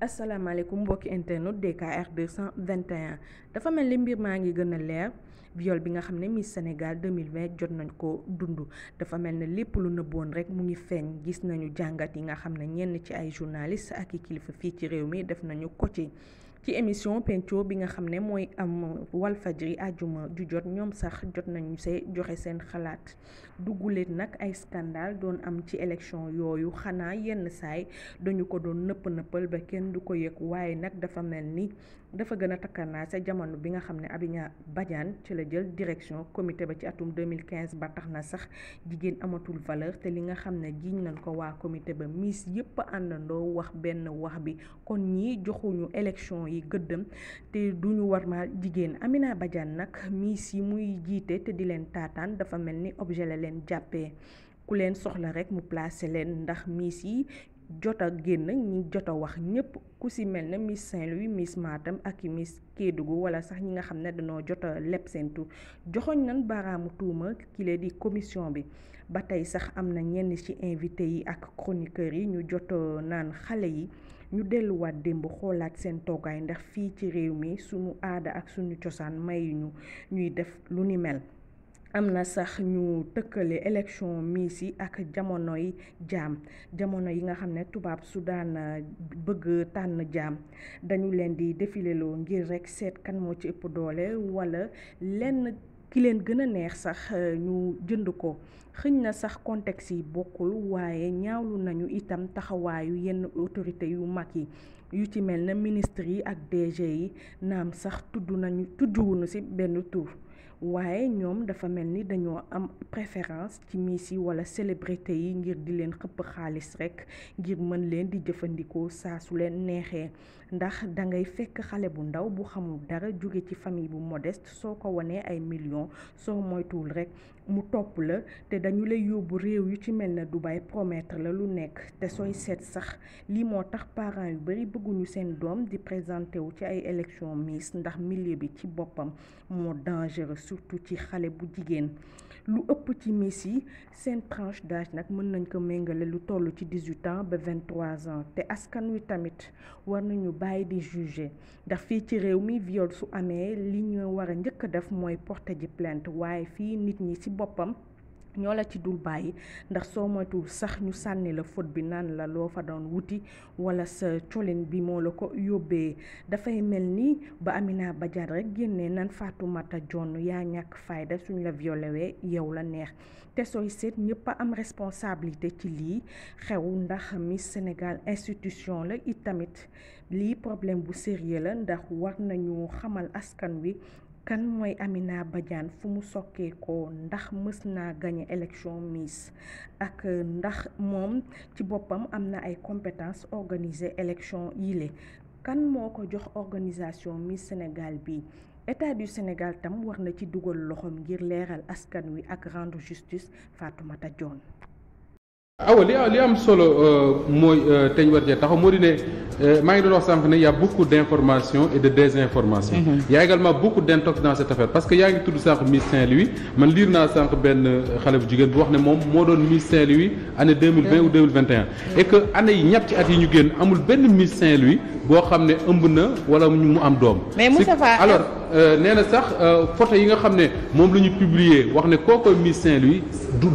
asalaamaaleykum mbokki internet DKR 221 dafa mel ni mbir maa ngi gën a leer viol bi nga xam ne Miss Sénégal 2020 jot nañ ko dund dafa mel ne lépp lu nëbboon rek mu ngi feeñ gis nañu jàngat yi nga xam ne ñenn ci ay journaliste ak i kilifa fii ci réew mi def nañu ko ci. ci émission penco bi nga xam ne mooy am Walfadjri àjjuma ju jot ñoom sax jot nañu see joxe seen xalaat dugguleen nag ay scandale doon am ci élection yooyu xanaa yenn saay dañu ko doon nëpp nëppal ba kenn du ko yëg waaye nag dafa mel ni dafa gën a naa se jamono bi nga xam ne abina Badiane ci la jël direction comité ba ci atum 2015 ba tax na sax jigéen amatul valeur te li nga xam ne jiiñ nañ ko waa comité ba miis yëpp àndandoo wax benn wax bi kon ñii joxuñu élection yi gëddam te duñu war ma jigéen Amina Badiane nag miis yi muy jiite te di leen taataan dafa mel ni objet la leen jàppee ku leen soxla rek mu placé leen ndax miis yi jot a génn ñi jot a wax ñëpp ku si mel ne Miss Saint-Louis Miss Matam ak Miss Kédougou wala sax ñi nga xam ne dañoo jot a leb seen tur joxoñ nañ baaraamu tuuma kile di commission bi ba tey sax am na ñenn ci invité yi ak chroniqueurs yi ñu jot naan xale yi ñu delluwaat démb xoolaat seen toogaay ndax fii ci réew mi suñu aada ak suñu cosaan ñu ñuy def lu ni mel. am na sax ñu tëkkale élection miss yi ak jamonoy jaam jamono yi nga xam ne tubaab su daan ah, bëgg tànn jaam dañu leen di defileloo ngir rekk seet kan moo ci ëpp doole walla lenn ki leen gën a neex sax ah, ñu jënd ko xëñ na sax contexte yi bokkul waaye ñaawlu nañu itam taxawaayu yenn autorité yu mag yi yu ci mel na ministre yi ak DG yi naam sax tudd nañu tudduwuñu ci benn tur waaye ñoom dafa mel ni dañoo am préférence ci miss yi wala célébrité yi ngir di leen xëpp xaalis rekk ngir mën leen di jëfandikoo saa su leen neexee ndax da ngay fekk xale bu ndaw bu xamul dara jóge ci famille bu modeste soo ko wanee ay millions soo moytuwul rek mu topp la te dañu lay yóbbu réew yu ci mel na Dubaï promettre la lu nekk te sooy seet sax lii moo tax parents yu bari bëgguñu seen doom di présenté wu ci ay élection Miss ndax millier bi ci boppam moo dangereux surtout ci xale bu jigéen lu ëpp ci miss yi seen tranche d'âge nag mën nañ ko méngale lu toll ci dix-huit ans ba vingt-trois ans te askan wi tamit war nañu bàyyi di juger ndax fii ci réew mi viol su amee li ñu war a njëkk a def mooy porte ji plainte waaye fii nit ñi ci boppam ñoo la ci dul bàyyi ndax soo moytuwul sax ñu sànni la faute bi naan la loo fa doon wuti wala sa colin bi moo la ko yóbbee dafay mel ni ba Amina Badiane rek génnee nan Fatoumata jonn yaa ñàkk fayda suñu la violewee yow la neex te sooy seet ñëpp a am responsabilité ci lii xew ndax Miss Sénégal institution la it tamit lii problème bu sérieux la ndax war nañu xamal askan wi kan mooy ami Amina Badiane fu mu sokkee ko ndax mës naa gagné élection Miss ak ndax moom ci boppam am na ay compétence organiser élection yile kan moo ko jox organisation Miss Sénégal bi état du Sénégal tam war na ci dugal loxoom ngir leeral askan wi ak rendre justice Fatoumata Dione awa ah li li am solo euh, mooy euh, teñ war cee taxaw moo di ne euh, maa ngi doon wax sànq ne y' a beaucoup d' information et de désinformation. Mm-hmm. y' a également beaucoup d' intox dans cette affaire parce que yaa ngi tudd sànq Miss Saint-Louis man liir naa sànq benn xale bu jigéen bu wax ne moom moo doon Miss Saint-Louis année deux mille vingt mm-hmm. ou deux mille vingt et yi ñu génn amul benn Miss Saint-Louis boo xam ne ëmb na wala mu am doom. mais Moustapha alors nee na sax photo yi nga xam ne moom la ñu publier wax ne kooku Miss Saint-Louis du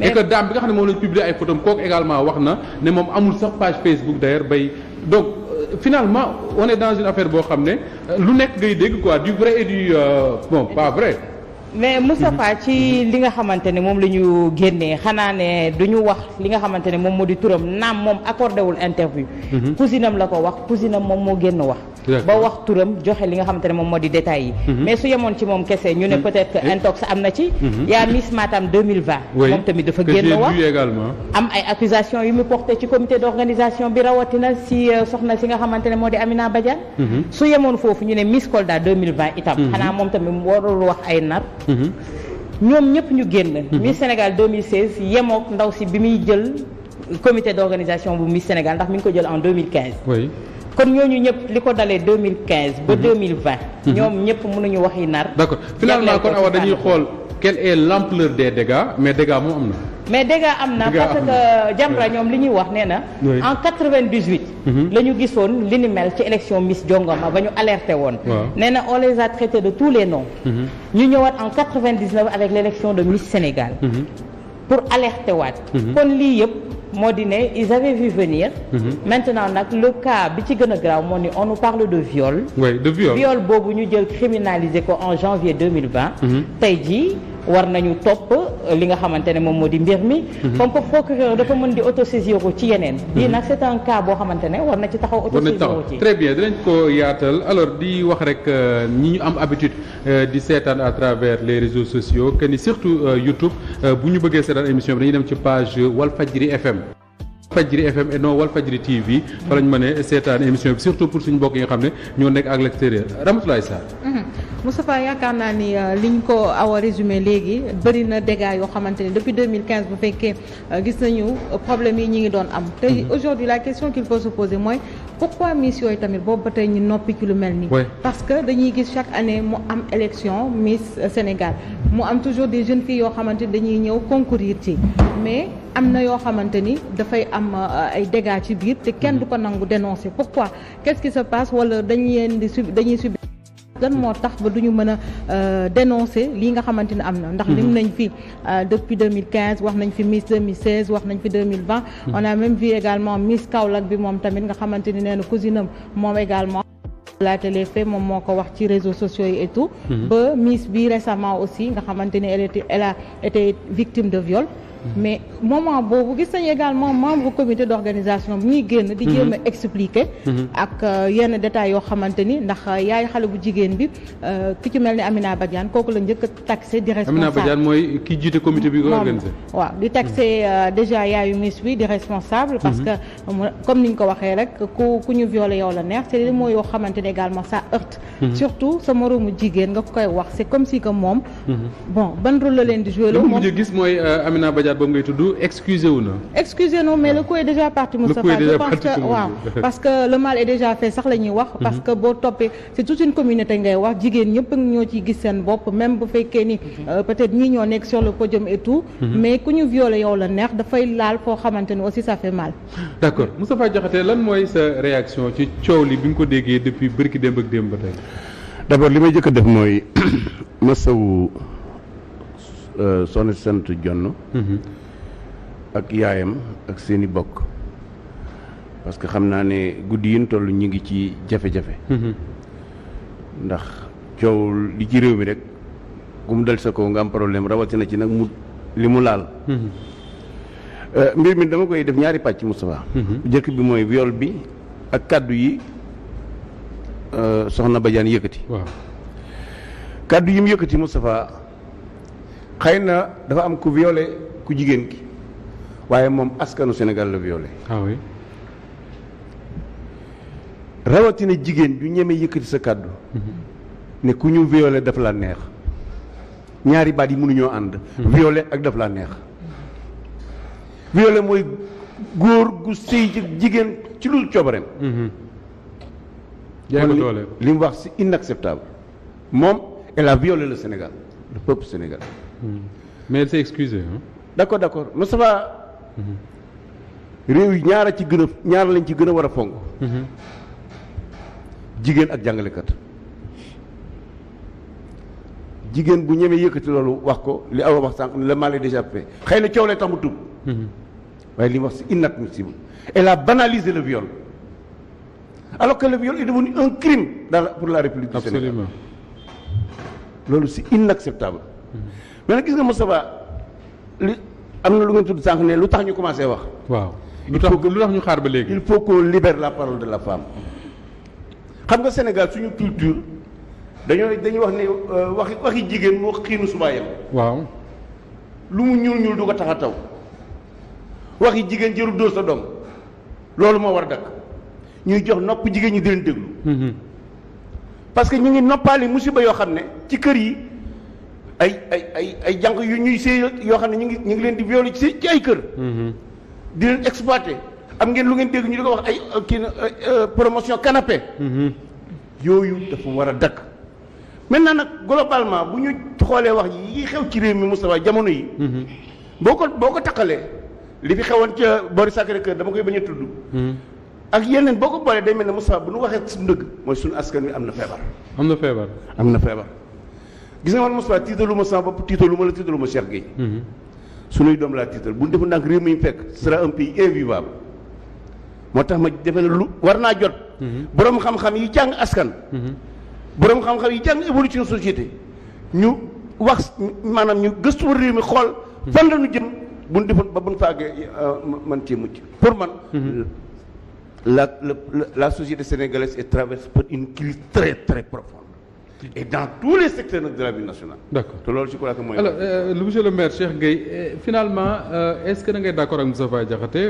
et que daam bi nga xam ne moom lañ publier ay photos kooku également wax na ne moom amul sax page Facebook d'ailleurs bay donc euh, finalement on est dans une affaire boo xam ne euh, lu nekk ngay dégg quoi du vrai et du euh, bon pas vrai mais Moustapha ci li nga xamante ne moom la ñu génnee xanaa ne du ñu wax li nga xamante ne moom moo di turam naam moom accordé wul interview. Mhm. cousinam la ko wax cousinam moom moo génn wax. ba wax turam joxe li nga xamante ne moom moo di détails yi. Mhm. mais su yemoon ci moom kese ñu ne mhm. peut-être que am na ci. yaa Miss Matam 2020. moom tamit dafa génn wax am ay accusations yu mu porté ci d'organisation bi rawatina si euh, soxna si nga xamante ne moo di Amina Badiane. su yemoon foofu ñu ne Miss Kolda 2020 itam. xanaa moom tamit warul wax ay nar. Mhm. ñoom ñëpp ñu génn. Mhm. Miss Sénégal 2016 yemook ndaw si bi muy jël comité d'organisation bu Miss Sénégal ndax mi ngi ko jël en 2015. oui kon ñooñu ñëpp li ko dalee 2015. ba 2020. Mhm. ñoom ñëpp mënuñu wax yi nar. d'accord finalement kon awa dañuy xool quelle est l'ampleur des dégâts mais dégâts moom am na. mais dégg nga am na parce que Jamra ñoom li ñuy wax nee na. en 98. Mhm. la ñu gisoon li ni mel ci élection Miss Jongoma ba ñu alerté woon. nee na on les a traités de tous les noms. Mhm. ñu ñëwaat en 99 avec l' élection de Miss Sénégal. Mhm. pour alerter waat. kon lii yëpp moo di ne ils avaient vu venir. maintenant nag le cas bi ci gën a graaw moo ni on nous parle de viol. oui de viol boobu ñu jël criminalisé ko en janvier 2020. tey jii. war nañu topp euh, li nga xamante ne moom moo di mbir mi mhm. comme que procureur dafa mën di autosaisir ko ci yeneen mhm. lii nag c'est boo xamante ne war na ci taxaw autosaisir ko ci très bien dinañ ko yaatal alors di wax rek euh, ñi ñu am habitude euh, di seetaan à travers les réseaux sociaux que ni surtout YouTube bu ñu bëggee seetaan émission bi dañuy dem ci page Walfadjri FM Walfadjri FM et non Walfadjri TV fa lañ mën a seetaan émission bi surtout pour suñu mbokk yi nga xam ne ñoo nekk ak l'extérieur Ramatoulaye Sarr mhm. Moustapha yaakaar naa ni euh, ñu ko aw résumé léegi bëri na dégâts yoo xamante ne depuis 2015 bu fekkee euh, gis nañu problème yi ñi ngi doon am te mhm. aujourd'hui la question qu'il faut se poser mooy pourquoi miss yooyu tamit boobu ba tey ñu noppi ci lu mel nii. parce que dañuy gis chaque année mu am élection miss euh, Sénégal mu am toujours des jeunes fi yoo xamante ni dañuy ñëw concourir ci mais am na yoo xamante ni dafay am euh, ay dégâts ci biir te kenn du ko nangu dénoncer pourquoi qu'est-ce qui se passe wala dañu leen di sub dañuy subir. lan moo tax ba du ñu mën a euh, dénoncer lii nga xamante am na ndax lim mhm. nañ fi euh, depuis 2015 wax nañ fi Miss 2016 wax nañ fi 2020 mhm. on a même vu également Miss Kaolack bi moom tamit nga xamante ni nee na moom également la télé moom moo ko wax ci réseaux sociaux yi et tout mhm. ba Miss bi récemment aussi nga xamante ni été victime de viol mais moment boobu gis nañu également membre comité d'organisation bi ñuy génn di jéem a mhm. expliquer mhm. ak euh, yenn détails yoo xamante ni ndax euh, yaay xale bu jigéen bi euh, ki ci mel ni Amina Badiane kooku la njëkk a taxé di responsable Amina Badiane mooy ki jiite comité bi ko organisé waaw di taxé mhm. déjà yaayu miss bi di ni ko waxee rek ku ku ñu violé yow la neex c'est mooy yoo xamante ne également ça heurte surtout sa moroomu jigéen nga koy wax c'est comme si que moom bon ban la leen di joué loolu moom mujj gis mooy Amina Badiane candidat boobu ngay tudd excusez wu na. excusez nous mais ah. le coup est déjà parti. Moustapha parce que le mal est déjà fait sax la wax. parce mhm. que boo toppee c'est toute une communauté ngay wax jigéen ñëpp ñoo ciy gis seen bopp même bu fekkee ni mhm. euh, peut-être ñoo nekk sur le podium et mhm. mais ku ñu violé yow la neex dafay laal foo xamante aussi ça fait mal. d'accord Moustapha Diakhaté lan mooy sa réaction ci coow li bi nga ko déggee depuis bërki démb ak démb tey. d'abord li may jëkk soxna sant jonn ak yaayam ak seeni bokk parce que xam naa ne guddi yin toll ñu ngi ci jafe-jafe mhm. ndax coow li ci réew mi rek ku mu dal sa kaw nga am problème rawatina ci nag mu li mu laal mhm. euh, mbir mi dama koy def ñaari pàcc Moustapha mhm. jëkk bi mooy viol bi ak kàddu yi euh, soxna Badiane yëkkati kàddu yi mu yëkkati Moustapha xëy na dafa am ku violé ku jigéen ki waaye moom askanu senegal la violé. ah oui rawatina jigéen ju ñeme yëkkati sa kàddu. Mhm. ne ku ñu violé daf la neex ñaari baat yi mënuñoo ànd. Mhm. violé ak daf laa neex. violé mooy góor gu sëy jigéen ci lu coobareem. Mhm. jaay ko li mu wax c'est inacceptable moom elle a la le Sénégal le peuple Hmm. mais elle s'est excusée. Hein? d' accord d' accord Moustapha. réew yi ñaara ci gën a ñaara lañ ci gën a war a fonk. jigéen ak jàngalekat. jigéen bu ñemee yëkkati loolu wax ko li aw awa wax sànq le mal est déjà xëy na coow lay tax mu tub waaye li mu wax c'est inadmissible elle a banalisé le viol alors que le viol est devenu un crime dans pour la république du Sénégal absolument loolu c'est inacceptable. Mmh. mais nag gis nga Moustapha li am na lu ngeen tudd sànq ne lu tax ñu commencé wax. waaw lu tax lu tax ñu xaar ba léegi. il faut qu'on libère la parole de la femme xam nga Sénégal suñu culture dañoo dañuy wax ne euh, waxi waxi jigéen moo xiinu subaayam. waaw lu mu ñuul ñuul du ko tax a taw waxi jigéen jëru dóor sa doom loolu moo war a dakk ñuy jox nopp jigéen ñi di leen déglu. Mm-hmm. parce que ñu ngi noppaali musiba yoo xam ne ci kër yi. ay ay ay ay jànq yu ñuy séy yoo xam ne ñu ngi ñu ngi leen di violé ci ci ay kër. Mm-hmm. di leen exploité am ngeen lu ngeen dégg ñu di ko wax ay euh, kii euh, euh, promotion canapé. Mm-hmm. yooyu dafa war a dakk maintenant nag globalement bu ñu xoolee wax yi xew ci réew mi Moustapha jamono yi. Mm-hmm. boo ko boo ko taqalee li fi xewoon ca boori Sacré-Cœur koy bañ a tudd. ak yeneen boo ko boolee day mel ne Moustapha bu nu waxee suñu dëgg mooy suñu askan wi am na feebar. am na feebar am na feebar. gis nga man Moustapha tiitalu ma sama bopp tiitalu ma la tiitalu ma Cheikh Gueye. Mhm. suñuy doom laa tiital bu ñu defoon ndànk réew mi ñu fekk sera un pays invivable moo tax ma defe ne lu war naa jot. Mhm. boroom xam-xam yi jàng askan. Mhm. boroom xam-xam yi jàng évolution société ñu wax maanaam ñu gëstu réew mi xool. fan la ñu jëm bu ñu defoon ba bu ñu faagee euh, man cee mucc pour man. la la la société sénégalaise est traversée par une crise très très profonde. et dans tous les secteurs nag de la vie nationale. d'accord te loolu je crois que mooy. alors euh, euh, monsieur le maire Cheikh Gueye euh, finalement euh, est-ce que da ngay d'accord ak Moustapha Diakhaté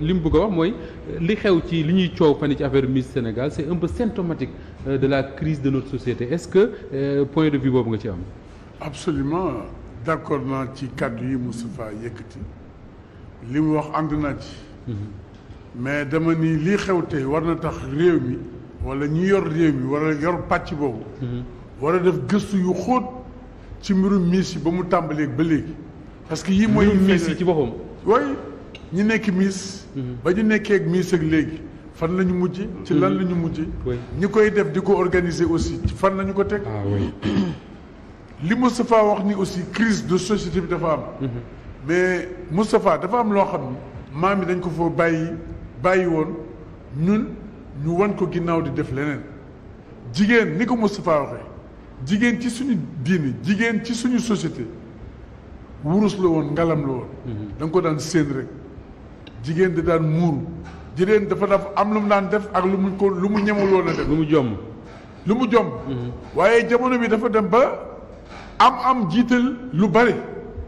li mu bëgg a wax mooy li xew ci li ñuy coow fan ci affaire Miss Sénégal c'est un peu symptomatique de la crise de notre société est-ce que euh, point de vue boobu nga ci am. absolument d'accord naa ci kàddu yi Moustapha yëkkati li mu wax ànd naa ci. Mhm. mais dama ni lii xew tey war na tax réew mi. wala ñu yor réew yi wala yor pàcc boobu. Mhm. war a def gëstu yu xóot ci mbirum miis yi ba mu tàmbalee ba léegi. parce que yii mooy. miis yi ci boppam. oui ñu nekk miis. Mhm. ba ñu nekkee ak miis ak léegi fan la ñu mujj. ci lan mhm. la ñu mujj. ñi koy def di ko organiser aussi fan la ñu ko teg. Ah li Moustapha wax ni aussi crise de société bi dafa am. mais Moustapha dafa am loo xam ne maam yi dañ ko foo bàyyi bàyyi woon ñun. ñu wan ko ginnaaw di def leneen jigéen ni ko Moustapha waxee jigéen ci suñu diini jigéen ci suñu société wurus la woon ngalam la woon. Mhm. da ko daan séen rek jigéen da daan muuru jigéen dafa daf am lu mu daan def ak lu mu ko lu mu ñemul woon a def. lu mu jomm lu mu jomm. Mhm. waaye jamono bi dafa dem ba am am jiital lu bari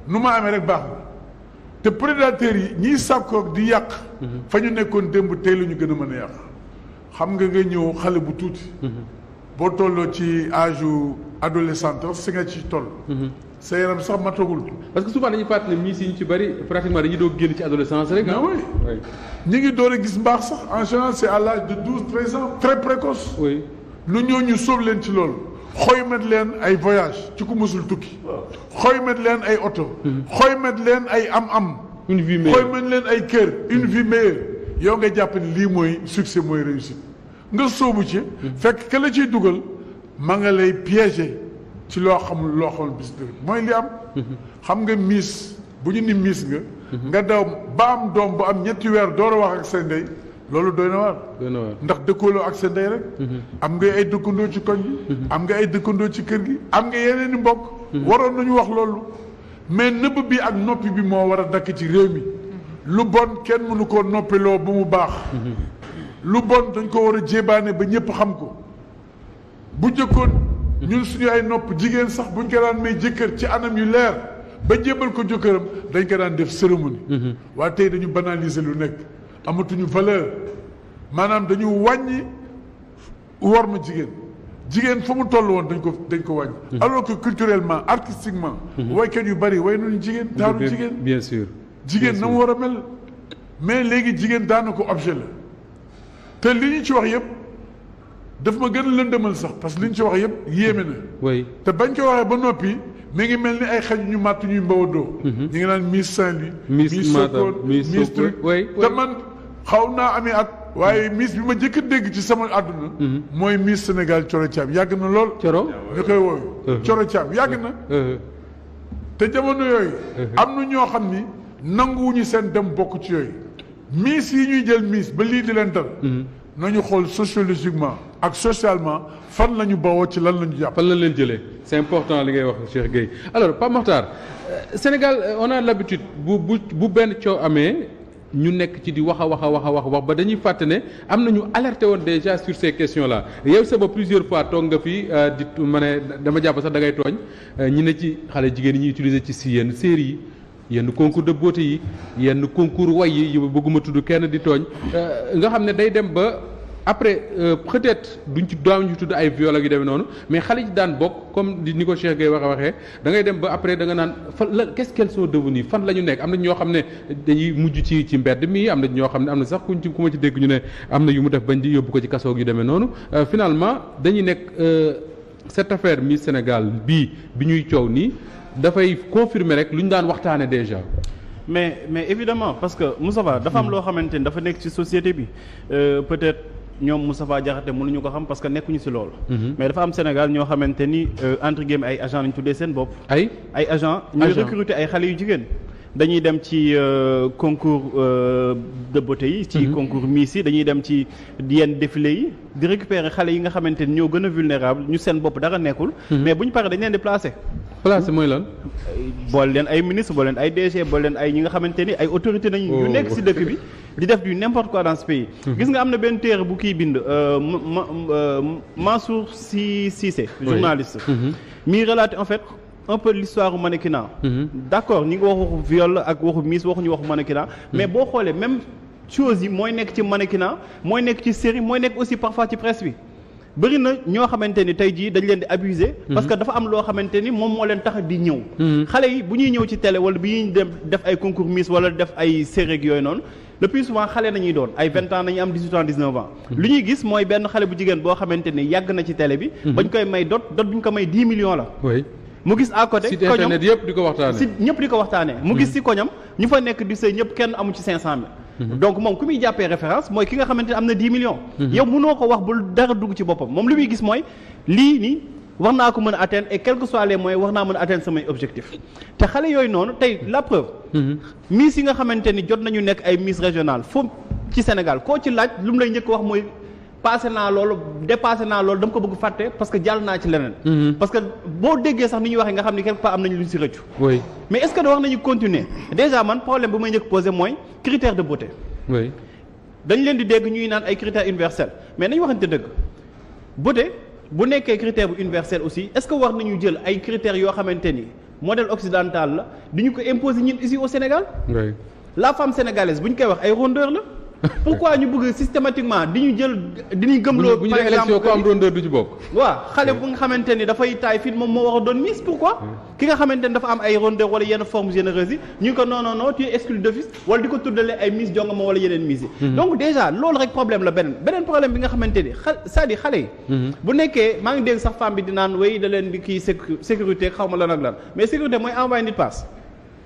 nu ma amee rek baax na te prédateurs yi ñiy sàkkoog di yàq. Mhm. fa ñu nekkoon démb tey la ñu gën a mën a yàq. xam nga nga ñëw xale bu tuuti. Mhm. boo tolloo ci âge u adolescent si nga ci toll. Mhm. sa yaram sax matagul. parce que souvent dañuy fàttali ne miis yi ñu ci bëri pratiquement dañuy doog génn ci adolescence rek. ah, ah oui ñu ngi door a gis mbaax sax en général c' à l' âge de douze treize ans. très précoce. nu ñoo ñu sóob leen ci lool xoymet leen ay voyage ci ku musul tukki. xoymet leen ay oto. Mhm. xoymet leen ay am-am. une vie meilleure xoymet leen ay kër une vie meilleure. yow nga jàpp lii mooy succès mooy réussite. nga soobu ci fekk ka ciy dugal ma nga lay piégé ci loo xamul loo xamul bis mooy li am xam nga miis bu ñu ni miis nga nga daw ba am doom bu am ñetti weer door a ak seen ndey loolu doy na waar ndax dëkkooloo ak seen ndey rek am nga ay dëkkandoo ci koñ bi am nga ay dëkkandoo ci kër gi am nga yeneen i mbokk waroon nañu wax loolu mais nëbb bi ak noppi bi moo war a dakk ci réew mi lu bon kenn mënu koo noppiloo bu mu baax lu bon dañ ko war a jéebaane ba ñëpp xam ko bu njëkkoon ñun suñu ay nopp jigéen sax buñ ko daan may jëkkër ci anam yu leer ba jébal ko jëkkëram dañ ko daan def cérémonie mm-hmm. waa tey dañu banaliser lu nekk amatuñu valeur maanaam dañu wàññi war ma jigéen jigéen fa mu toll woon dañ ko dañ ko wàññi mm-hmm. alors que culturellement artistiquement mm-hmm. waykat yu bari way nañu jigéen taaru jigéen bien sûr jigéen na mu war a mel mais léegi jigéen daana ko objet la te li ñu ci wax yëpp daf ma gën a lëndëmal sax parce que li ñu ci wax yëpp yéeme na. te bañ ko waxee ba noppi mi ngi mel ni ay xaj ñu màtt ñuy mbawadoo. Mhm. ñu ngi naan Miss Saint-Louis. Miss Matam Miss Miss truc te man xaw naa amee at. waaye mhm. Miss bi ma njëkk a dégg ci sama àdduna. Mhm. mooy miis Sénégal Coro Thiam yàgg na lool. Coro ñu koy wooyu uh-huh. Coro Thiam yàgg na. Uh-huh. Uh-huh. te jamono yooyu. am na ñoo xam ni nanguwuñu seen dem bokk ci yooyu. miis yi ñuy jël miis ba lii di leen dal. Mm-hmm. nañu xool sociologiquement ak socialement fan la ñu bawoo ci lan la ñu jàpp. fan la leen jëlee c'est important li ngay wax Cheikh Gueye alors Pape Makhtar euh, Sénégal euh, on a l'habitude bu bu benn coow amee. ñu nekk ci di wax a wax a wax a wax wax ba dañuy fàtte ne am na ñu alerté woon déjà sur ces questions là yow sa ba plusieurs fois toog nga fi euh, di ma ne dama jàpp sax da ngay tooñ ñi ne ci xale jigéen ñi utiliser ci si yenn série yi yenn concours de beauté yi yenn concours way yi yu bëgguma tudd kenn di tooñ euh, nga xam ne day dem ba après euh, peut-être duñ ci daaw ñu tudd ay viol yu demee noonu mais xale yi daan bokk comme ni ko Cheikh Gueye wax waxee da ngay dem ba après da nga naan fan la qu'est-ce qu'elles sont devenues fan la ñu nekk am na ñoo xam ne dañuy mujj ci ci mbedd mi am na ñoo xam ne am na sax kuñ ci ku ma ci dégg ñu ne am na yu mu def bañ di yóbbu ko ci kasoog yu demee noonu euh, finalement dañuy nekk cette affaire Miss Sénégal bii bi ñuy coow nii. dafay confirmer rek lu ñu daan waxtaane déjà mais mais évidemment parce que Moustapha dafa am hmm. loo xamante ni dafa nekk ci société bi euh, peut-être ñoom Moustapha Diakhaté mënuñu ko xam parce que nekkuñu si lool hmm. mais dafa am Sénégal ñoo xamante ni euh, entre guillemets ay agent lañu tuddee seen bopp ay ay agent ñuy recruter ay xale yu jigéen dañuy dem ci euh, concours euh, de beauté yi. ci mhm. concours Miss yi dañuy dem ci yenn défilé yi di récupérer xale yi nga xamante ni ñoo gën a vulnérable ñu seen bopp dara nekkul. Mhm. mais bu ñu paree dañ leen di placer. mooy lan. boole leen ay ministre boole leen ay DG boole leen ay ñi nga xamante ni ay autorité nañu yu oh. nekk si dëkk bi. di def du n'importe quoi dans ce pays. Mhm. gis nga am na benn téere bu kii bind euh, Mansour Sy Cissé journaliste. mi relaté en fait. un peu l'histoire u mannequinat mm-hmm. d'accord ñi ngi wax waxu viol ak waxu miss waxuñu waxu mannequinat mm-hmm. mais boo xoolee même chose yi mooy nekk ci mannequinat mooy nekk ci série mooy nekk aussi parfois ci presse bi bëri na ñoo xamante ni tey jii dañ leen di abuser mm-hmm. parce que dafa am loo xamante ni moom moo leen tax di ñëw xale yi bu ñuy ñëw ci tele wala bu ñuy def ay concours miss wala def ay série ak yooyu noonu le plus souvent xale nañuy doon ay vingt ans nañuy am dix huit ans dix mooy benn xale bu jigéen boo xamante ni yàgg na ci télé bi bañ koy may dot dot bu ko may dix millions la mu gis à côté site internet yëpp di ko waxtaanee si ñëpp di ko waxtaanee mu gis si mhm. koñam ñu fa nekk di sëy ñëpp kenn amu ci cinq cent mille mhm. donc moom ku muy jàppee référence mooy ki nga xamante ne am na dix millions mhm. yow mënoo ko wax ba dara dugg ci boppam moom li muy gis mooy lii nii war naa ko mën a atteindre et quelque que soient les moyens naa mën a atteindre samay objectif te xale yooyu noonu tey la preuve miss yi nga xamante ni jot nañu nekk ay miss régionale foofu ci Sénégal koo ci laaj lu mu lay njëkk wax mooy passé naa loolu dépassé naa loolu dama ko bëgg fàtte parce que jàll naa ci leneen. Mhm. parce que boo déggee sax ni ñu waxee nga xam ni quelque part am nañu lu ñu si rëccu. oui mais est-ce que wax nañu continuer déjà man problème bu may njëkk posé mooy critère de beauté. oui dañ leen di dégg ñuy naan ay criter universels mais nañu waxante dëgg beauté bu nekkee critère bu universel aussi est-ce que war nañu jël ay critères yoo xamante ni modèle occidental la di ñu ko imposer ñun ici au Sénégal. la femme sénégalaise bu koy wax ay rondeur la. pourquoi ñu bëgg systématiquement di ñu jël di ñu gëmloo. par exemple bu ñu ko am rondeur du ci bokk. waaw xale bu nga xamante ni dafay taay fii moom moo war a doon miss pourquoi. ki nga xamante ni dafa am ay rondeur wala yenn forme généreuse yi ñu ko non non non tu es exclu d'office wala di ko tuddale ay miss jongama wala yeneen miss yi. Mhm. donc déjà loolu rek problème la beneen beneen problème bi nga xamante ni xa cest xale yi. Mhm. bu nekkee maa ngi dégg sax femme bi di naan wey da leen di kii sécurité xaw ma lan ak lan mais sécurité mooy envoyé nit paas.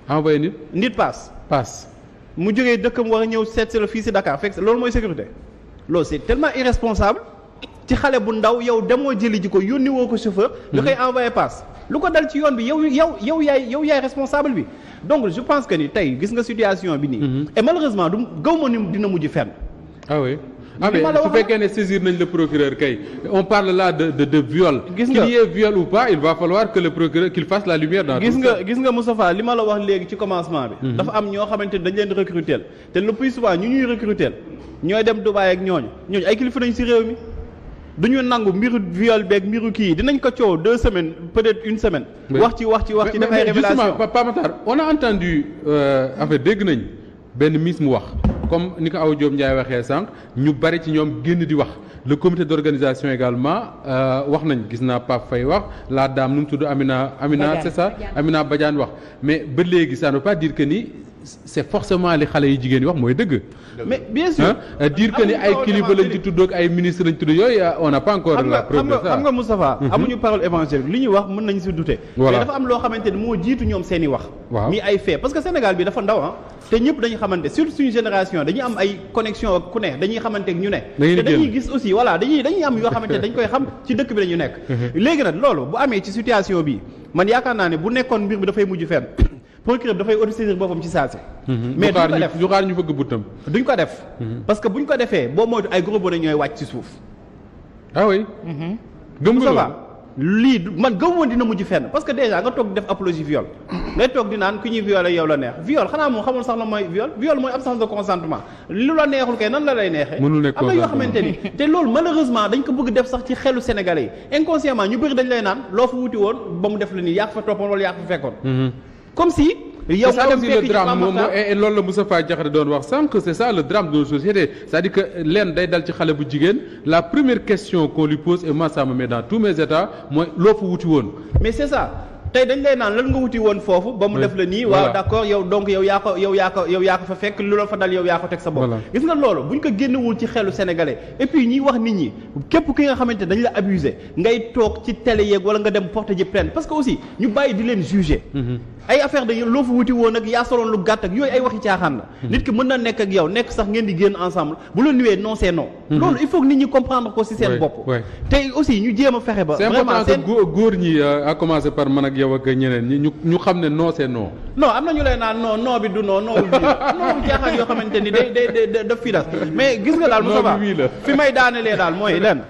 envoyé nit. nit paas paas. mu jógee dëkkam war a ñëw seet si la fii si Dakar fekk loolu mooy sécurité loolu c'est tellement irresponsable ci xale bu ndaw yow demoo jëli ji ko yónni woo ko chauffeur. nga mhm. koy envoyé passe lu ko dal ci yoon bi yow yow yow yaay yow yaay responsable bi donc je pense que ni tey gis nga situation bi nii. Mhm. et malheureusement du gaw ma ni dina mujj fenn. ah ah mais su fekkee ne saisir nañ le procureur kay on parle là de de de viol. gis nga qu'il y ait viol ou pas il va falloir que le procureur qu'il fasse la lumière dans. gis nga gis nga Moustapha li ma la wax léegi ci commencement bi. Mhm. dafa am ñoo xamante ni dañ leen di recruter te le plus ñu ñuy recruter ñooy dem Dubaï ak ñooñu ñooñu ay kilifa nañ ci réew mi. duñu nangu mbiru viol beeg mbiru kii dinañ ko coow deux semaines peut-être une semaine. wax ci wax ci wax ci dafay révélation mais justement Pape Matar benn miis mu wax comme ni ko aw Diop Ndiaye waxee sànq ñu bari ci ñoom génn di wax le comité d'organisation également euh, wax nañ gis naa Pape fay wax laa daam nu mu tudd Amina Amina c'est ça Amina Badiane wax mais ba léegi ça ne veut pas dire que ni c'est forcément li xale yu jigéen yi wax mooy dëgg. mais bien sûr. Hein? Euh, dire ni ay kilifa lañ ci tudd ak ay ministre lañ tudd yooyu euh, on n'a pas encore xam nga Moustapha mhm. amuñu parole évangélique li ñuy wax mën nañu si douter. voilà mais dafa am loo xamante ni moo jiitu ñoom seen wax. waaw mi ay fait parce que Sénégal bi dafa ndaw ah. te ñëpp dañu xamante surtout suñu génération dañuy am ay connexion ak ku ne dañuy xamante ak ñu ne. te dañuy gis aussi voilà dañuy dañuy dañ koy xam ci dëkk bi la ñu nekk. Mhm. léegi nag loolu bu amee ci situation bi naa ne bu nekkoon mbir bi dafay procureur dafay autosaisir boppam ci saase. Mhm. mais duñ ko def xaar ñu bëgg bëttam duñ ko def. parce que buñ ko defee boo moytu ay gros bonnets ñooy wàcc ci suuf. ah mhm. gëm nga loolu lii man gëm woon dina mujj fenn parce que déjà nga toog def apologie viol ngay toog di naan ku ñuy violé yow la neex viol xanaa moom xamul sax la mooy viol viol mooy absence de consentement lu la neexul kay nan la lay neexee am na yoo xamante ni te loolu malheureusement dañ ko bëgg def sax ci xelu sénégalais yi inconsciemment ñu bëri loo fa wuti woon ba mu comme si. yow nga dem fekk ci PAM moom doon wax sànq c' est ça drame de nos sociétés c' est day dal ci xale bu jigéen la première question qu' on lui pose et moi ça me met dans tous mooy loo fa wuti woon. mais c' est ça tey dañ lay naan lan nga wuti woon foofu. ba mu def la nii waaw d' accord yow donc yow yaa ko yaa ko yaa ko fa fekk lu la dal yow yaa ko teg sa bopp. gis nga loolu buñ ko génnewul ci xelu sénégalais et puis ñiy wax nit ñi képp ki nga xamante dañ la abusé ngay toog ci télé yeeg wala nga dem porter ji plainte parce que aussi ñu bàyyi di leen juger mm-hmm. ay affaire da loo fa wuti woon ak yaa soloon lu gàtt ak yooyu ay waxi caaxaan la hmm. nit ki mën na nekk ak yow nekk sax ngeen di génn ensemble bu la nuwee non c'est non hmm. loolu il faut que nit ñi comprendre ko ci seen bopp te aussi ñu jéem a fexe ba vraiment c'est important góor ñi euh, à par man ak yow ak ñeneen ñu ñu xam ne non c'est non non am na ñu lay naan noo non bi du non non bi non caaxaan yoo xamante ni day day day daf fiidas mais gis nga daal Moustapha fi may daanelee daal mooy lenn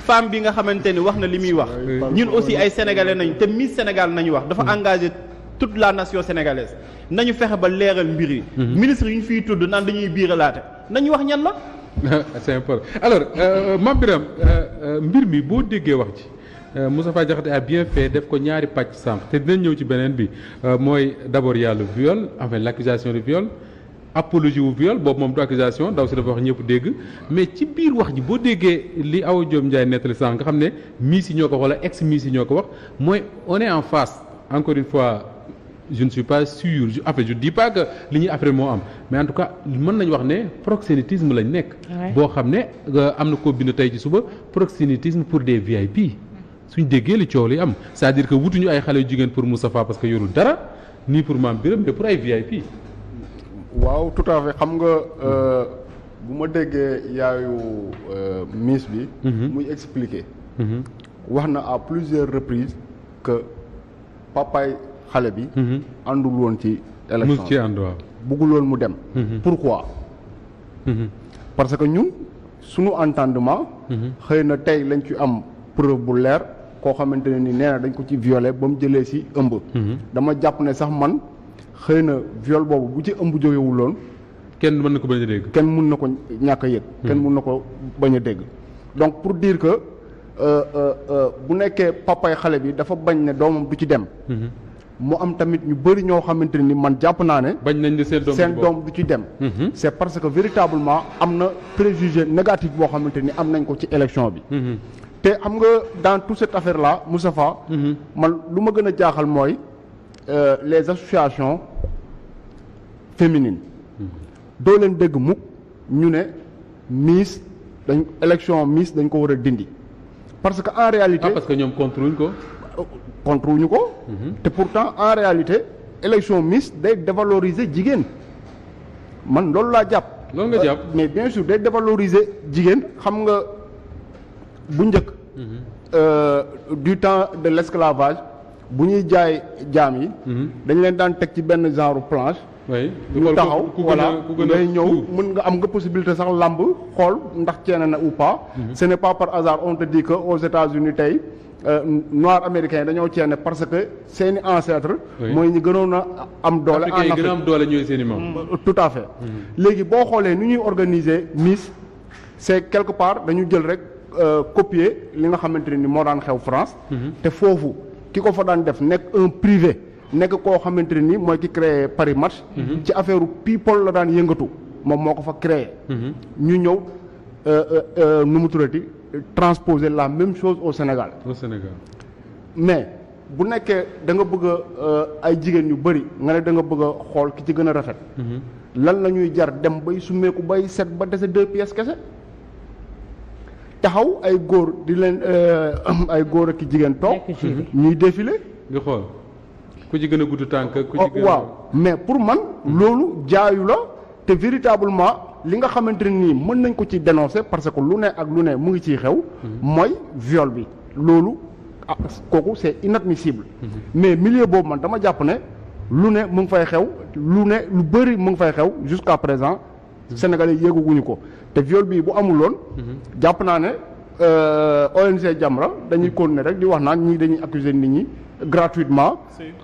femme bi nga xamante ni wax na li muy wax ñun aussi ay sénégalais nañ te Miss Sénégal nañu wax dafa hmm. engagé toute la nation sénégalaise nañu fexe ba leeral mbir yi. Mhm. ministre yi ñu fiy tudd naan dañuy biiralaate nañu wax ñan la. sa important alors euh, euh, Mame Birame euh, mbir mi boo déggee wax ji Moustapha Diakhaté a bien fait def ko ñaari pàcc sànq te dinañ ñëw ci beneen bi mooy d'abord y a le viol enfin l'accusation de viol. apologie wu boobu moom du accusation ndaw si dafa wax ñëpp dégg mais ci biir wax ji boo déggee li Awa Diop Ndiaye nettali sànq nga xam ne miis yi ñoo ko wax ex miis ko wax mooy je ne suis pas sûr je après je dis pas li ñuy après moo am mais en tout mën nañu wax ne proxénétisme lañ nekk. boo xam ne euh, am na koo bind tey ci suba proxénétisme pour des VIP. suñ déggee li coow li am c'est-à-dire que wutuñu ay xale yu jigéen pour Moustapha parce que yorul dara nii pour maam Birame mais pour ay VIP. waaw tout à fait xam nga euh, bu ma déggee yaayu euh, miss bi. Mhm. muy expliquer. Mhm. wax na à plusieurs reprises que papaay. xale bi. Mhm. àndul woon ci élection mu ci ànd waaw bëggul woon mu dem. Mhm. pourquoi. Mhm. parce que ñun suñu entendement. xëy na tey lañ ci am preuve bu leer koo xamante ne ni nee dañ ko ci violé ba mu jëlee si ëmb. dama jàpp ne sax man xëy na viol boobu bu ci ëmb jógewul woon. kenn mën na ko bañ a dégg. kenn mun na ko ñàkk a yëg. kenn mun na ko bañ a dégg donc pour dire que euh, euh, euh, bu nekkee papay xale bi dafa bañ ne doomam du ci dem. mu am tamit ñu bëri ñoo xamante ni man jàpp naa ne. bañ nañ ne seen doom seen doom du ci dem. Mhm. c' est parce que véritablement am na préjugé négatif boo xamante ni am nañ ko ci élection bi. Mhm. te am nga dans toute cette affaire là Moustapha mhm. man lu ma gën a jaaxal mooy euh, les associations féminines. doo leen dégg mukk ñu ne Miss dañ élection Miss dañ ko war a dindi parce que en réalité. Ah, parce que ñoom contrôle ko. contre wuñu ko. te pourtant en réalité élection mixte day dévaloriser jigéen man loolu laa jàpp. loolu mais bien sûr day dévaloriser jigéen xam nga bu njëkk. Mhm. Euh, du temps de l' esclavage bu ñuy jaay jaam yi. Mhm. dañ leen daan teg ci benn genre planche. ñu taxaw voilà ngay ñëw mën nga am nga possibilité sax làmb xool ndax ceene na ou pas. Mhm. ce ne est pas par hasard on te dit aux États-Unis tey Euh, noir américain yi dañoo ceene parce que seeni ancêtre mooy ñi gënoon a am doole en am doole ñooy seeni maam mm. tout à fait mm-hmm. léegi boo xoolee ni ñuy organiser Miss c'est quelque part dañu jël rek euh, copier li nga xamante ni moo daan xew France mm-hmm. te foofu ki ko fa daan def nekk un privé nekk koo xamante ni mooy ki créé Paris Match mm-hmm. ci affaire people la daan yëngatu moom moo ko fa créé ñu ñëw euh, nu mu transposer la même chose au Sénégal. au Sénégal. mais bu nekkee da nga bëgg a euh, ay jigéen yu bëri nga ne da nga bëgg xool ki ci gën a rafet. Mhm. lan la ñuy jar dem bay summeeku bay set ba dese deux pièces kese taxaw ay góor di leen euh, ay góor ak ki jigéen toog. Mhm. ñuy défilé. di xool ku ci gën a gudd tànk ku ci oh, waaw mais pour man. Mhm. loolu jaayu te véritablement. li nga xamante ne nii mën nañ ko ci dénoncer parce que lu ne ak lu ne mu ngi ciy xew. mooy viol bi loolu ah kooku c'est inadmissible. Mm-hmm. mais milieu boobu man dama jàpp ne lu ne mu ngi fay xew lu ne lu bëri mu ngi fay xew jusqu'à présent. Mm-hmm. Sénégalais yéeguguñu ko te viol bii bu amul woon. Mm-hmm. jàpp naa ne euh, ONG Jamra dañuy ne rek di wax naa ñii dañuy accuser nit ñi gratuitement.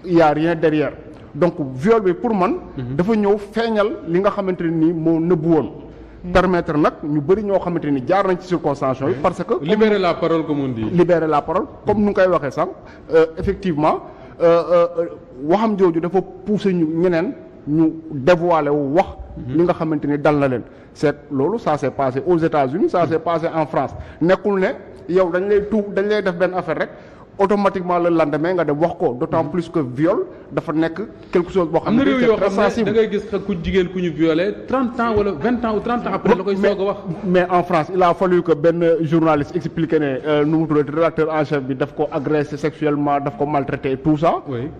il y a rien derrière. donc viol bi pour man. Mhm. dafa ñëw feeñal li nga xamante ne nii moo nëbbu woon. Mhm. permettre nag ñu bëri ñoo xamante ni jaar nañ ci circonstance yi mhm. parce que. libérer la parole comme on dit. libérer la parole comme nu ngi koy waxee sànq euh, effectivement euh, euh, waxam jooju dafa pousser ñu ñeneen ñu dévoiler wu wax. li nga xamante ni dal na leen. c'est loolu ça s'est passé aux États-Unis ça s'est passé en France nekkul ne yow dañ lay tuub dañ lay def benn affaire rek. automatiquement le lendemain nga dem wax ko d'autant mhm. plus que viol dafa nekk quelque chose boo xam ne réew yoo xam ne da ngay gis ku jigéen ku ñu violé trente ans wala vingt ans ou trente ans après la koy soog wax mais en France il a fallu que benn journaliste expliqué ne euh, nu mu tuddati rédacteur en chef bi daf ko agressé sexuellement daf ko maltraité tout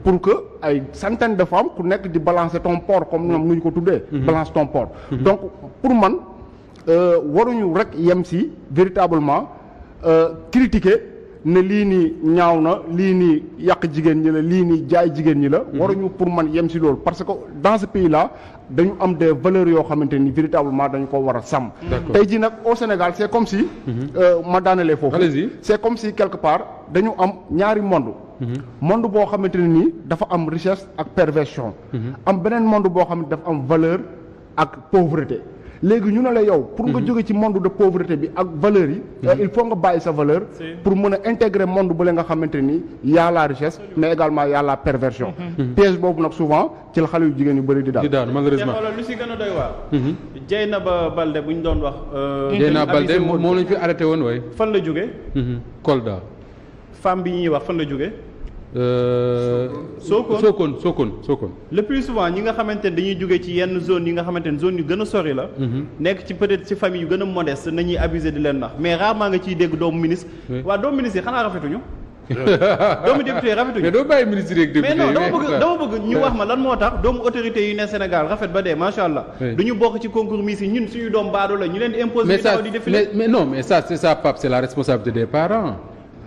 pour que ay centaines de femmes ku nekk di balancer ton porc comme ñoom nu ñu ko tuddee mhm. balance ton porc mhm. donc pour man euh, ne lii nii ñaaw na lii nii yàq jigéen ñi la lii nii jaay jigéen ñi la. Mhm. waruñu pour man yem si loolu parce que dans ce pays dañu am des valeurs yoo xamante ni véritablement dañu ko war a sàmm. tey jii nag au Sénégal c' comme si. Mhm. Euh, ma daanalee foofu. c' est comme si quelque part dañu am ñaari monde. Mhm. monde boo xamante ne nii dafa am richesse ak perversion. am beneen monde boo xam ne dafa am valeur ak pauvreté. léegi ñu ne la yow pour nga mhm. jóge ci monde de pauvreté bi ak valeur yi mhm. euh, il faut nga bàyyi sa valeur pour mën a intégrer monde bu nga xamante ni y'a la richesse mais également y'a la perversion mhm. piège boobu nag souvent ci la xale yu jigéen yu bëri di daal malheureusement lu si na a doy waar Balde bu ñu doon wax euh, Dieynaba Balde moom lañ fi arrêté woon waay fan la jóge Kolda femme bi ñuy wax fan la jóge Euh, Sokone Sokone Sokone Sokone le plus souvent ñi nga xamante ne dañuy jóge ci yenn zone yi nga xamante ne zone yu gën a sori la mhm. nekk ci peut-être ci famille yu gën a modeste nañuy abusé di leen nax mais rarement nga ciy dégg doomu ministre waa doomu ministre yi xanaa rafetuñu doomu député rafetuñu mais doo bàyyi ministre yeeg député mais non dama bëgg dama bëgg ñu wax ma lan moo tax doomu autorité yu ne Sénégal rafet ba dee macha allah du ñu bokk ci concours Miss yi ñun suñu doom baado la leen di imposer di défilé mais non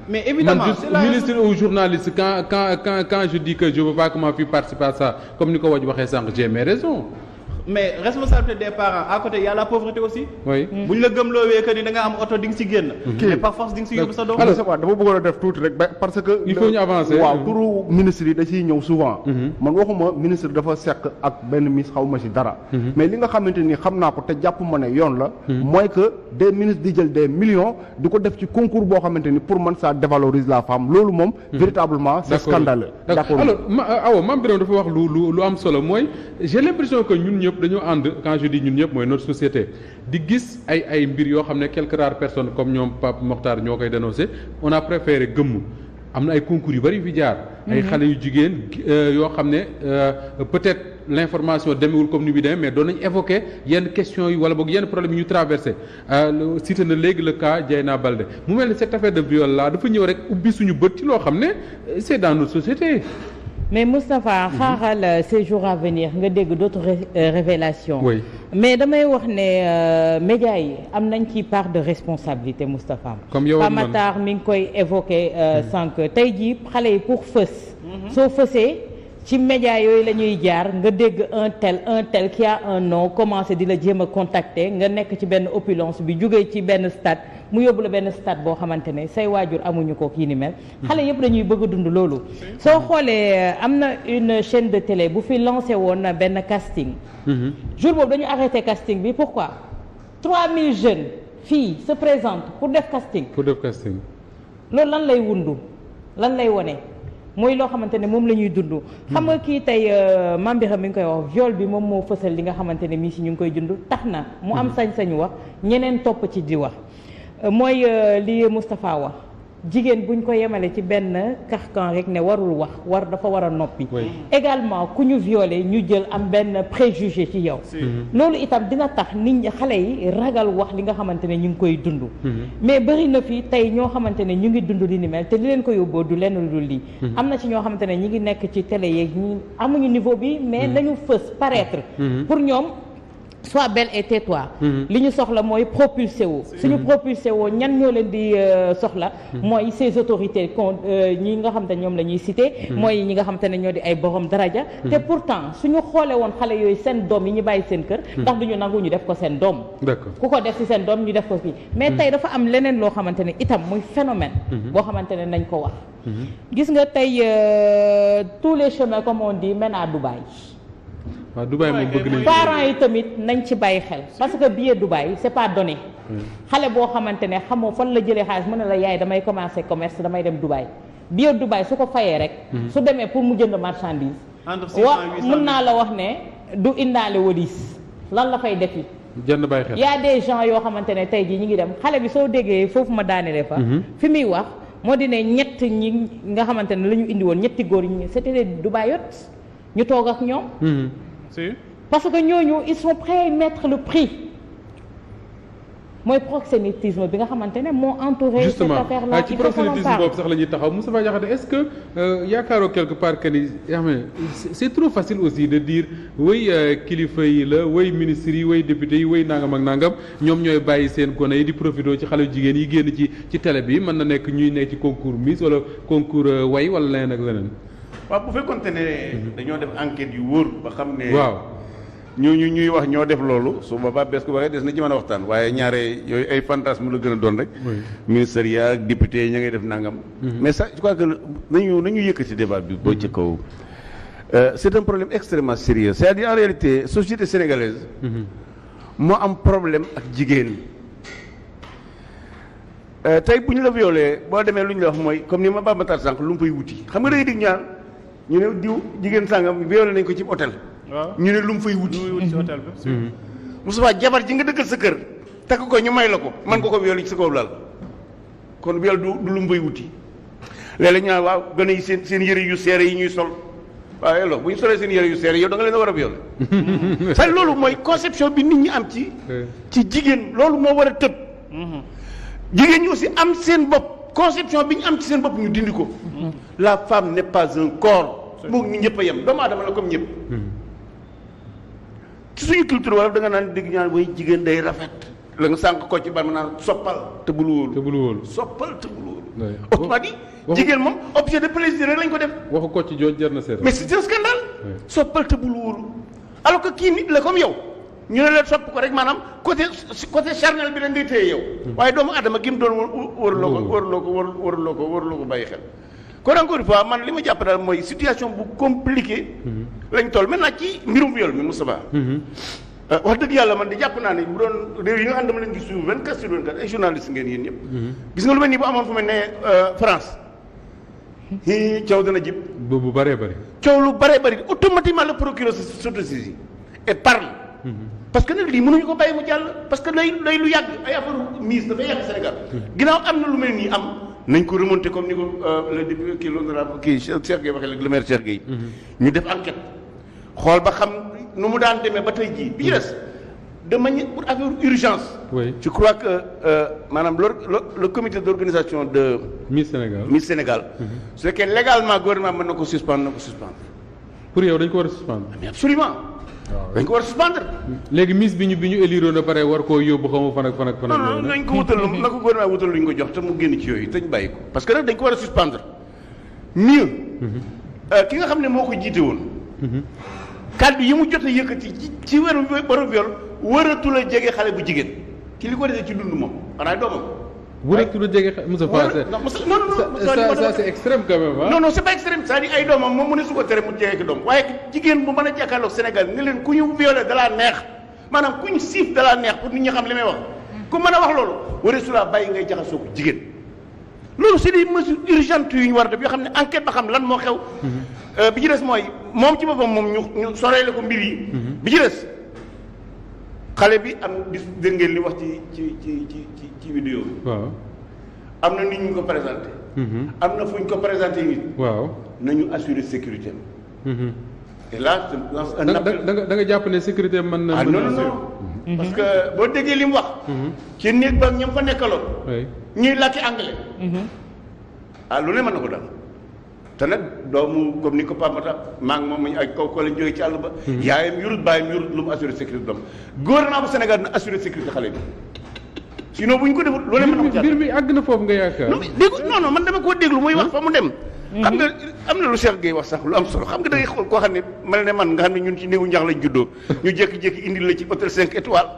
mais évidemment man juste ministre ou journaliste quand quand quand quand je dis que je veux pas que ma fille participe à ça comme ni ko waj waxee sànq j'ai mes raisons mais responsabilité des parents à côté y la pauvreté aussi. oui bu ñu la gëmloowee que ni da nga am oto di nga génn. mais par force di nga si sa doom. alors dama bëggoon a def tuuti rek parce que. il faut ñu avancer waaw turu ministre yi da ciy ñëw souvent. Mhm. man waxuma ministre dafa seq ak benn miss xaw ma dara. Mhm. mais li nga xamante ni xam naa ko te jàpp ma ne yoon la. Mhm. mooy que des ministres di jël des million di ko def ci concours boo xamante ni pour man ça dévalorise la femme loolu moom. véritablement c'est scandaleux. d'accord euh, wax lu lu solo mooy ñëpp dañoo ànd quand je ñun ñëpp mooy notre société di gis ay ay mbir yoo xam ne quelques rares personnes comme ñoom Pape Mokhtar ñoo koy dénoncé on a préféré gëmm am na ay concours yu bëri fi jaar. ay mhm. xale yu jigéen euh, yoo xam ne euh, peut-être l'information demewul comme ni bi demee mais doon nañ évoquer yenn questions yi wala boog yenn problème yi ñu traversé euh, cité na léegi le cas Dieyna Baldé mu mel ne cette affaire de viol là dafa ñëw rek ubbi suñu bët ci loo xam ne c'est mais Moustapha mhm. xaaxal mm euh, -hmm. ces jours à venir nga dégg d'autres ré euh, révélations mais damay wax ne euh, médias yi am nañ ci part de responsabilité Moustapha comme yow Pamatar mi ngi koy évoqué mhm. sànq tey jii xale yi pour fës mhm. soo fësee ci médias yooyu la ñuy jaar nga dégg un tel un tel qui a un nom commencé di la jéem a contacter nga nekk ci benn opulence bi jugee ci benn stade mu yóbbu la benn stade boo xamante ne say waajur amuñu ko kii ni mel xale yëpp dañuy bëgg a dund loolu soo xoolee euh, am na une chaîne de télé bu fi lancé woon na benn casting mhm. jour boobu dañu arrêté casting bi pourquoi 3000 fii filles se présentent pour def casting pour def casting loolu lan lay wundu lan lay wone mooy loo xamante ne moom la ñuy dund xam nga mhm. kii tey euh, mambiram mi ngi koy wax viol bi moom moo fësal li nga xamante ne mii si ñu ngi koy dund tax na mu am mhm. sañ-sañu wax ñeneen topp ci di mooy euh, lii Moustapha wax jigéen buñ ko yemalee ci benn carcan rek ne warul wax war dafa war a noppi également ku ñu violé ñu jël am benn préjugé ci yow mhm. loolu itam dina tax nit ñi xale yi ragal wax li nga xamante ne ñu ngi koy dund mhm. mais bëri na fi tey ñoo xamante ne ñu ngi dund li ni mel te li leen ko yóbboo du lenn lu lii mhm. am na ci ñoo xamante ne ñi ngi nekk ci télé yeeg ñi amuñu niveau bi mais dañu fës paraître pour ñoom soit belle et tais-toi. Mm-hmm. li ñu soxla mooy propulsé wu. Mm-hmm. suñu propulsé woo ñan ñoo leen di euh, soxla. Mm-hmm. mooy ces autorités con euh, ñi nga xam ne ñoom la ñuy cité. mooy ñi nga xam ne ñoo di ay borom daraja. te pourtant suñu xoolee woon xale yooyu seen doom yi ñu bàyyi seen kër. ndax duñu nangu ñu def ko seen doom. ku ko def ci seen doom ñu def ko fii. mais tey dafa am leneen loo xamante ne itam muy phénomène. boo xamante ne nañ ko wax. gis nga tey euh, tous les chemins comme on dit mènent à Dubaï. waaw Dubaï moom bëgg nañu parents yi tamit nañ ci bàyyi xel parce que billet Dubaï c'est pas donné. Hmm. xale boo xamante ne xamoo fan la jëlee xaalis mu ne la yaay damay commencer commerce damay dem Dubaï billet Dubaï su ko fayee rek. Hmm. su demee pour mu jënd marchandise. wa mën naa la wax ne du indaale walis lan la fay defi. jënd bàyyi xel y a des gens yoo xamante ne tey jii ñu ngi dem xale bi soo déggee foofu ma daanelee fa. Hmm. fi muy wax moo di ne ñett ñi nga xamante ne la ñu indi woon ñetti góor ñi c'était des Dubaïotes ñu toog ak ñoom. si parce que ñooñu ils sont prêts à mettre le prix mooy proxénétisme bi nga xamante ne moo entouré. cette affaire là ah, ci proxénétisme boobu sax la taxaw taxaw Moustapha Diakhaté est-ce que euh, yaakaaroo quelque part que ni xam ne c'est trop facile aussi de dire way euh, kilifa yi la way ministres yi way députés yi way nangam ak nangam ñoom ñooy bàyyi seen gone yi di profité ci xale jigéen yi génn ci ci télé bi mën na nekk ñuy nekk ci concours Miss wala concours euh, way wala ak leneen. waaw bu fekkonte ne dañoo def enquête yu wóor ba xam ne. waaw ñoo ñu ñuy wax ñoo def loolu su boobaa bees ko waxee des na ci mën a waxtaan waaye ñaare yooyu ay fantasme la gën a doon rek. ministère yi ak député yi ñu ngi def nangam. Mhm. mais ça je crois que nañu nañu yëkkati débat bi boo ci kaw. Euh, c'est un problème extrêmement sérieux c'est-à-dire en réalité société sénégalaise. Mhm. moo am problème ak jigéen ñi. Euh, tey bu ñu la violee boo demee lu ñu la wax mooy comme ni ma Bamba Tar sànq lu mu wuti xam nga day dig ñaar. ñu ne diw jigéen sàngam weew nañ ko ci hôtel. ñu ne lu mu fay wuti. Hmm. Moustapha jabar ji nga dëkkal sa kër takk ko ñu may la ko man ko ko weelu ci sa kaw lal kon weelu du du lu mu fay wuti léeg ñaan ñu naan waaw gën a seen yëre yu seere yi ñuy sol waaye loolu bu ñu solee seen yëre yu seere yow da nga leen a war a violé sa loolu mooy conception bi nit ñi am ci eh. ci jigéen loolu moo war a tëb hmm. jigéen ñu aussi am seen bopp conception bi ñu am ci seen bopp ñu dindi ko. la femme n'est pas un corps. moom ñu ñëpp a yem doomu adama la comme ñëpp. Hmm. ci suñu culture wolof da nga naan dégg ñaan way jigéen day rafet. la nga sànq ko ci ban naan soppal te bul wóolu. te bul wóolu soppal te bul wóolu. autrement dit jigéen moom objet de plaisir rek lañ ko def. waxu ko ci jooju jar na seet. mais c'est un scandale. soppal te bul wóolu alors que kii nit la comme yow. ñu ne la sopp ko rek maanaam côté côté charnel bi la ngay téye yow. Hmm. waaye doomu adama gi mu doon wërloo ko hmm. wërloo ko wërloo ko wërloo ko bàyyi xel. kon encore une fois man li ma jàpp daal mooy situation bu compliquée. Hmm. lañ toll maintenant ci mbirum yool mi Moustapha. Euh, wax dëgg yàlla man di jàpp naa ne bu doon réew yi nga xam dama leen gis suuf 24 sur 24 ay journaliste ngeen yéen ñëpp. gis nga lu mel ni bu amoon fu mel ne euh, France. hi coow dana jib. bu bu bëree bëri. coow lu bëree bëri automatiquement le procureur se s'autosaisi et parle. parce que nag lii mënuñu ko bàyyi mu jàll parce que lay lay lu yàgg ay affaire mise dafay yàgg Sénégal ginnaaw am na lu mel nii am nañ ko remonté comme ni ko euh, le député kii l'honorable mm-hmm. ñu def enquête xool ba xam nu mu daan demee ba tey jii bi de manière pour affaire urgence que euh, maanaam le, le, le comité d'organisation de Miss Sénégal Miss Sénégal mm -hmm. c'est que légalement gouvernement mën na ko suspendre na ko dañ ko ah, absolument dañ ko war a suspendre. léegi mise bi ñu bi ñu éliroon ba pare war koo yóbbu xaw ma fan ak fan ak fan ak. non non nañ ko wutal la ko gouvernement wutal luñ ko jox te mu génn ci yooyu te ñu bàyyi ko parce que nag dañ ko war a suspendre mieux. Mhm. Euh, ki nga xam ne moo ko jiite woon. Mhm. kàddu yi mu jot a yëkkati ci ci wéru borom yor waratul a jege xale bu jigéen ci li ko defee ci dund moom xanaa doomam. bu rek lu jege Moustapha ça ça c'est extrême quand même ah. non non c'est pas extrême ay doomam moom mu ne su ko tere mu jege ki doom waaye jigéen bu mën a jàkkaarloog Sénégal ni leen ku ñu violé dalaa neex maanaam ku ñu siif dalaa neex pour nit ñi xam li may wax ku mën a wax loolu wari sulaa bàyyi ngay jaxasoo ko jigéen loolu c'est des mesures urgentes yu ñu war def yoo xam ne enquête ba xam lan moo xew mm-hmm. euh, bi ci des mooy moom ci boppam moom ñu ñu soree la ko mbir mm-hmm. bi ci xale bi am gis dégg ngeen li wax ci ci ci ci ci ci vidéo bi. waaw am na nit ñu ko présenté. Mm-hmm. am na fu ñu ko présenté nit. waaw nañu assurer sécurité am. Mm-hmm. et là da nga da nga jàpp ne sécurité am mën na. Ah, noonu non non mm-hmm. boo déggee li mu wax. ci nit ba ñoom fa nekkaloon. ñuy làkki anglais. ah lu ne mën na ko dal. te nag doomu comme ni ko pamata maa ngi moom muñu ak kaw ko lañ jógee ci àll ba mhm. yaayam yurut bàyyam yurut lu mu assuré sécurité doom gouvernement bu Sénégal ko defut loolu mën na ko mbir mi àgg na foofu nga yaakaar déggu non non man dama koo déglu muy wax fa mu dem mhm. xam nga am na lu Cheikh Gueye wax sax lu am solo xam nga day ngay koo xam ne mel ne man nga xam ne ñun ci néewu ñax lañ juddoo ñu jékki-jékki indil la ci hôtel 5 étoiles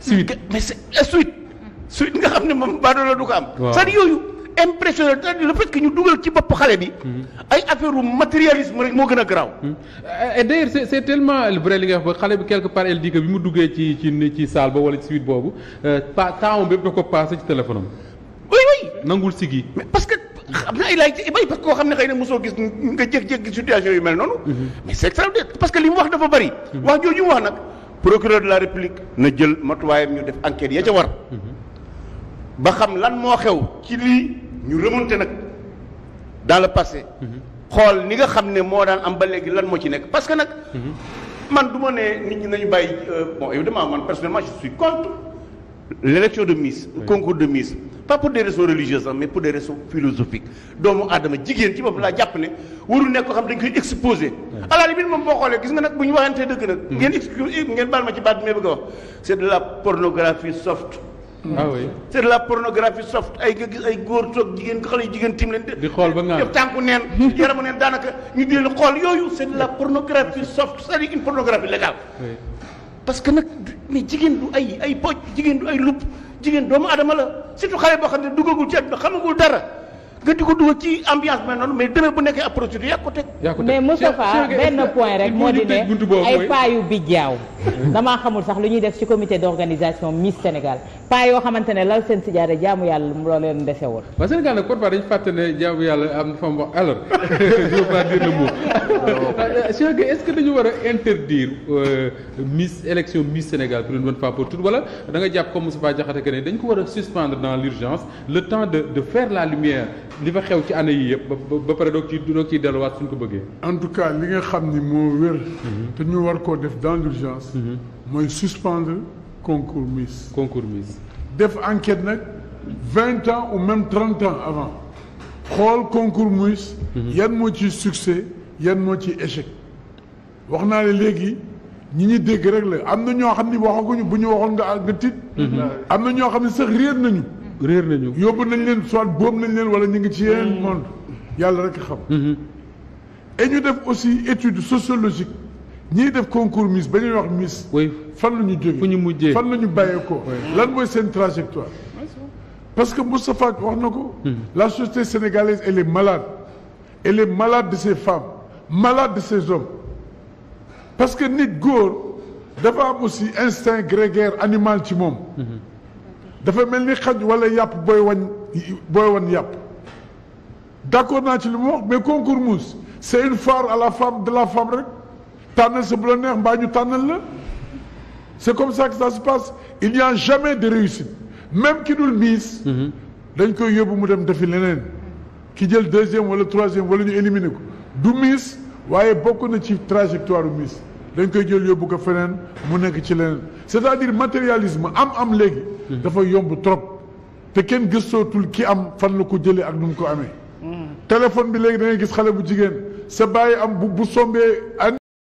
suite mais suite suite nga xam ne moom baadoolo du ko am sar yooyu impressionné le fait que ñu dugal ci bopp xale bi. Hmm. ay affaire u matérialisme rek moo gën a garaaw. Hmm. et eh, eh, d'ailleurs c'est c'est tellement li nga wax ba xale bi quelque part elle mu duggee ci ci ci salle ba wala ci suite boobu euh, ko passé ci téléphone am. oui oui nangul sigi. mais parce que am na ay laaj ci bay parce que koo xam ne xëy na mosoo gis nga jékki-jékki situation yu mel noonu. Hmm. mais c'est parce que li mu wax dafa bari. wax jooju mu wax nag. procureur de la république na jël matuwaayam ñu def enquête ya ca war. ba xam lan moo xew ci lii. ñu remonter nag dans le passé. xool ni nga xam ne moo daan am ba léegi lan moo ci nekk parce que nag. man du ma ne nit ñi nañu bàyyi euh, bon évidemment man personnellement je suis contre l'élection de Miss. Oui. concours de Miss pas pour des raisons religieuses mais pour des raisons philosophiques doomu aadama jigéen ci bopp laa jàpp ne warul nekk ko xam dañ koy exposé. à la limite moom boo xoolee gis nga nag bu ñu waxantee dëgg nag. Mm-hmm. ngeen exclu ngeen baal ma ci baat bi may bëgg Mm. ah oui la pornographie soft ay nga gis ay góor toog jigéen nga xale yu jigéen tim leen. di xool ba naan def tànku neen. yaramu neen daanaka ñu di xool yooyu c'est de la pornographie soft c'est-à-dire une pornographie parce que nag jigéen du ay ay pocc jigéen du ay lupp jigéen doomu adama la surtout xale boo xam ne duggagul ci àdduna xamagul dara. nga di ko dugal ci ambiance noonu mais demee bu nekkee ab procédure yaa ko teg. mais Moustapha benn point rek moo di ne ay paa yu bijjaaw damaa xamul sax lu ñuy def ci comité d'organisation Miss Sénégal paa yoo xamante ne lal seen sijaare jaamu yàlla mu loo leen dese woon. waaw Sénégal nag Côte dañu fàtte ne jaamu yàlla am na fa mu wax alors je veux pas dire a interdire euh, Miss jàpp comme Moustapha Diakhaté que ne dañ ko war a suspendre dans l'urgence le temps de de la lumière. li fa xew ci année yi yëpp ba ba pare doog ci doog ciy delluwaat suñ ko bëggee. en tout cas li nga xam ni moo wér. Mhm. te ñu war koo def dans l'urgence mhm. mooy suspendre concours Miss. concours Miss. def enquête nag vingt ans ou même trente ans avant xool concours Miss. Mhm. yan moo ci succès yan moo ci échec. wax naa ne léegi ñi ñuy dégg rek la am na ñoo xam ni waxaguñu bu ñu waxoon nga àgg tiit. am na ñoo xam ne sax réer nañu. réer nañu yóbbu nañ leen soit boobu nañ leen wala ñu ngi ci yeneen mm-hmm. monde yàlla rek xam mm-hmm. et ñu def aussi étude sociologique ñii def concours Miss ba ñuy wax Miss fan la ñu jóge fu mujjee fan la ñu bàyyeekoo lan mooy seen trajectoire parce que Moustapha wax na ko mm-hmm. la société sénégalaise elle est malade elle est malade de ses femmes malade de ses hommes parce que nit góor dafa am aussi instinct grégaire animal ci moom dafa mel ni xaj wala yàpp booy wañ booy wan yàpp d'accord naa ci li mu mais concours mousse c'est une foire à la femme de la femme rek tànnal sa bu la neex mbaa ñu tànnal la c'est comme ça que ça se passe il jamais de réussite même ki dul miis mhm. dañ koy yóbbu mu dem defi leneen ki jël deuxième wala troisième wala ñu éliminer ko du miis waaye bokk na ci trajectoire u miis dañ koy jël yóbbu ko feneen mu nekk ci leneen c'est-à-dire matérialisme am am léegi dafa yomb trop te kenn gëstootul ki am fan la ko jëlee ak nu mu ko amee hmm. téléphone bi léegi da ngay gis xale bu jigéen sa bàyyi am bu bu sombee